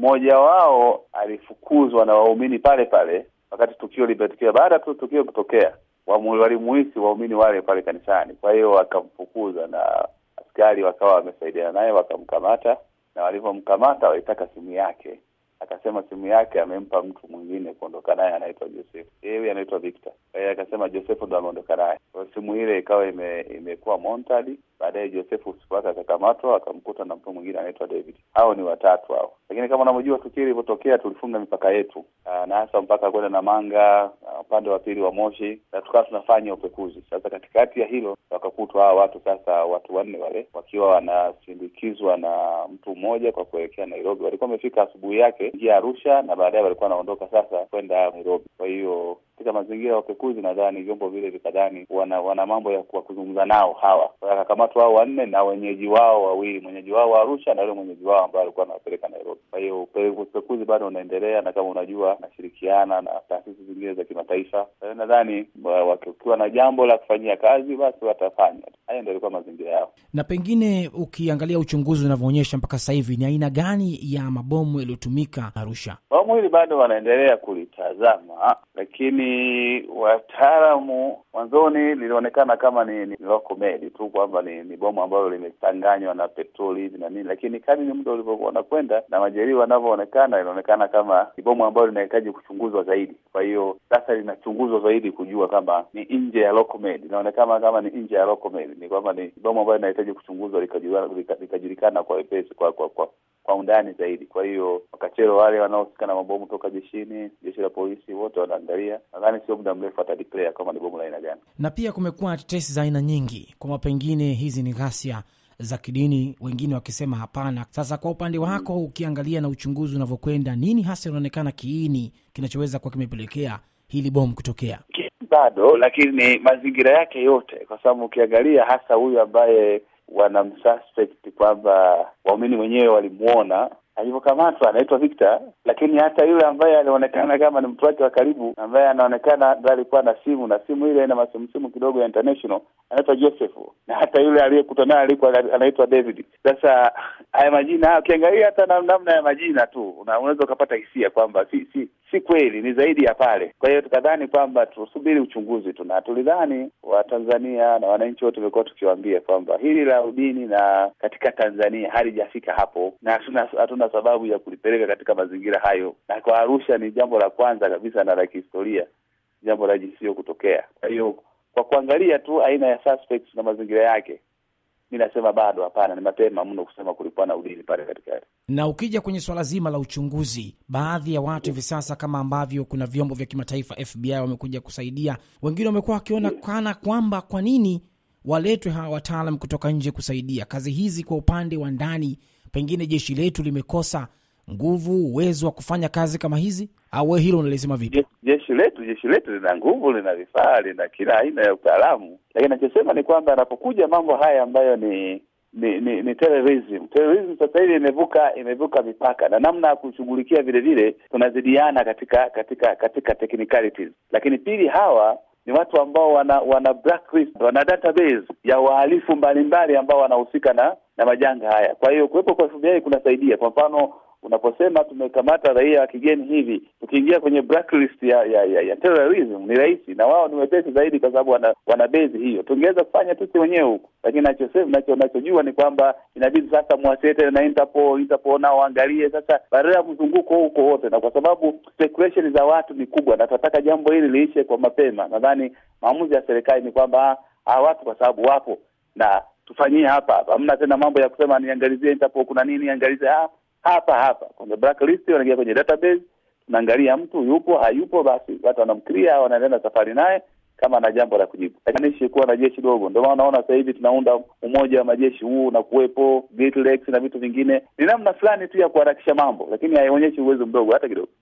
mmoja wao alifukuzwa na waumini pale pale wakati tukio limetokea. Baada tu tukio kutokea, walimuhisi waumini wale pale kanisani, kwa hiyo wakamfukuza, na askari wakawa wamesaidiana naye wakamkamata, na walivyomkamata walitaka simu yake. Akasema simu yake amempa mtu mwingine kuondoka naye, anaitwa Joseph, yeye anaitwa Victor. Kwa hiyo akasema Joseph ndo ameondoka naye. Kwa simu ile ikawa ime, imekuwa Montad, baadaye Josefu Sipaka akakamatwa akamkuta na mtu mwingine anaitwa David. Hao ni watatu hao, lakini kama unavyojua tukio ilivyotokea tulifunga mipaka yetu aa, ah, na hasa mpaka kwenda na Manga ah, upande wa pili wa Moshi, na tukawa tunafanya upekuzi. Sasa katikati ya hilo wakakutwa hao watu sasa, watu wanne wale wakiwa wanasindikizwa na mtu mmoja kwa kuelekea Nairobi. Walikuwa wamefika asubuhi yake njia Arusha, na baadaye walikuwa wanaondoka sasa kwenda Nairobi, kwa hiyo katika mazingira ya upekuzi, nadhani vyombo vile vikadhani wana wana mambo ya kuzungumza nao hawa, wakakamatwa hao wanne na wenyeji wao wawili, mwenyeji wao wa Arusha na yule mwenyeji wao ambaye alikuwa anawapeleka Nairobi. Kwa hiyo upekuzi bado unaendelea, na kama unajua, nashirikiana na taasisi zingine za kimataifa. Eh, nadhani wakiwa na jambo la kufanyia kazi, basi watafanya. Haya ndio alikuwa mazingira yao. Na pengine ukiangalia uchunguzi unavyoonyesha mpaka sasa hivi, ni aina gani ya mabomu yaliyotumika Arusha? Bomu hili bado wanaendelea kulitazama, lakini wataalamu, mwanzoni lilionekana kama ni, ni lokomedi tu kwamba ni, ni bomu ambalo limechanganywa na petroli hivi na nini, lakini ni muda ulivyokuwa nakwenda na majeruhi wanavyoonekana, inaonekana kama ni bomu ambalo linahitaji kuchunguzwa zaidi, kwa hiyo sasa linachunguzwa zaidi kujua kama ni nje ya Locomade. Inaonekana kama ni nje ya Locomade, ni kwamba ni bomu ambayo inahitaji kuchunguzwa likajulikana kwa wepesi, kwa kwa kwa kwa undani zaidi. Kwa hiyo makachero wale wanaohusika na mabomu toka jeshini, jeshi la polisi, wote wanaangalia. Nadhani sio muda mrefu atadeclare kama ni bomu la aina gani. Na pia kumekuwa tetesi za aina nyingi kwamba pengine hizi ni ghasia za kidini, wengine wakisema hapana. Sasa kwa upande wako, ukiangalia na uchunguzi unavyokwenda, nini hasa inaonekana kiini kinachoweza kuwa kimepelekea hili bomu kutokea? Bado lakini mazingira yake yote, kwa sababu ukiangalia hasa huyu ambaye wanamsuspect kwamba waumini wenyewe walimwona alivyokamatwa anaitwa Victor, lakini hata yule ambaye alionekana kama ni mtu wake wa karibu, ambaye anaonekana ndo alikuwa na simu na simu ile ina masimusimu kidogo ya international, anaitwa Joseph, na hata yule aliyekutana naye alikuwa anaitwa David. Sasa haya majina, ukiangalia hata namna ya majina tu unaweza ukapata hisia kwamba si si si kweli, ni zaidi ya pale. Kwa hiyo tukadhani kwamba tusubiri uchunguzi tu, na tulidhani Watanzania na wananchi wote tumekuwa tukiwaambia kwamba hili la udini na katika Tanzania halijafika hapo, na hatuna hatuna sababu ya kulipeleka katika mazingira hayo, na kwa Arusha ni jambo la kwanza kabisa na la kihistoria, jambo la jinsi hiyo kutokea. Kwa hiyo kwa kuangalia tu aina ya suspects na mazingira yake ninasema nasema bado hapana, ni mapema mno kusema kulikuwa na udini pale katikati. Na ukija kwenye swala zima la uchunguzi, baadhi ya watu hivi sasa, kama ambavyo kuna vyombo vya kimataifa FBI wamekuja kusaidia, wengine wamekuwa wakiona kana kwamba kwa nini waletwe hawa wataalam kutoka nje kusaidia kazi hizi. Kwa upande wa ndani, pengine jeshi letu limekosa nguvu, uwezo wa kufanya kazi kama hizi au hilo unalisema vipi? Jeshi letu jeshi letu lina nguvu, lina vifaa, lina kila aina ya utaalamu, lakini anachosema ni kwamba anapokuja mambo haya ambayo ni ni ni, ni terrorism. Terrorism sasa hivi imevuka imevuka mipaka na namna ya kushughulikia vile vile tunazidiana katika katika katika technicalities, lakini pili hawa ni watu ambao wana wana blacklist, wana database ya wahalifu mbalimbali ambao wanahusika na na majanga haya. Kwa hiyo kuwepo kwa FBI kunasaidia. Kwa mfano unaposema tumekamata raia wa kigeni hivi, tukiingia kwenye blacklist ya ya, ya, ya terrorism ni rahisi, na wao ni wepesi zaidi, kwa sababu wana, wana bezi hiyo. Tungeweza kufanya sisi wenyewe huku, lakini nachosema nacho nachojua ni kwamba inabidi sasa mwasete na Interpol, Interpol nao waangalie sasa ya mzunguko huko wote, na kwa sababu speculation za watu ni kubwa, na tunataka jambo hili liishe kwa mapema. Nadhani maamuzi ya serikali ni kwamba hawa watu kwa sababu wapo na tufanyie hapa hapa, hamna tena mambo ya kusema niangalizie Interpol kuna nini, niangalizie hapa hapa kwenye blacklist, wanaingia kwenye database, tunaangalia mtu yupo hayupo, basi watu wanamkiria au wanaenda safari naye kama ana jambo la kujibu, lakini kuwa na jeshi dogo. Ndio maana unaona sasa hivi tunaunda umoja wa majeshi huu unakuwepo, na vitu vingine ni namna fulani tu ya kuharakisha mambo, lakini haionyeshi uwezo mdogo hata kidogo.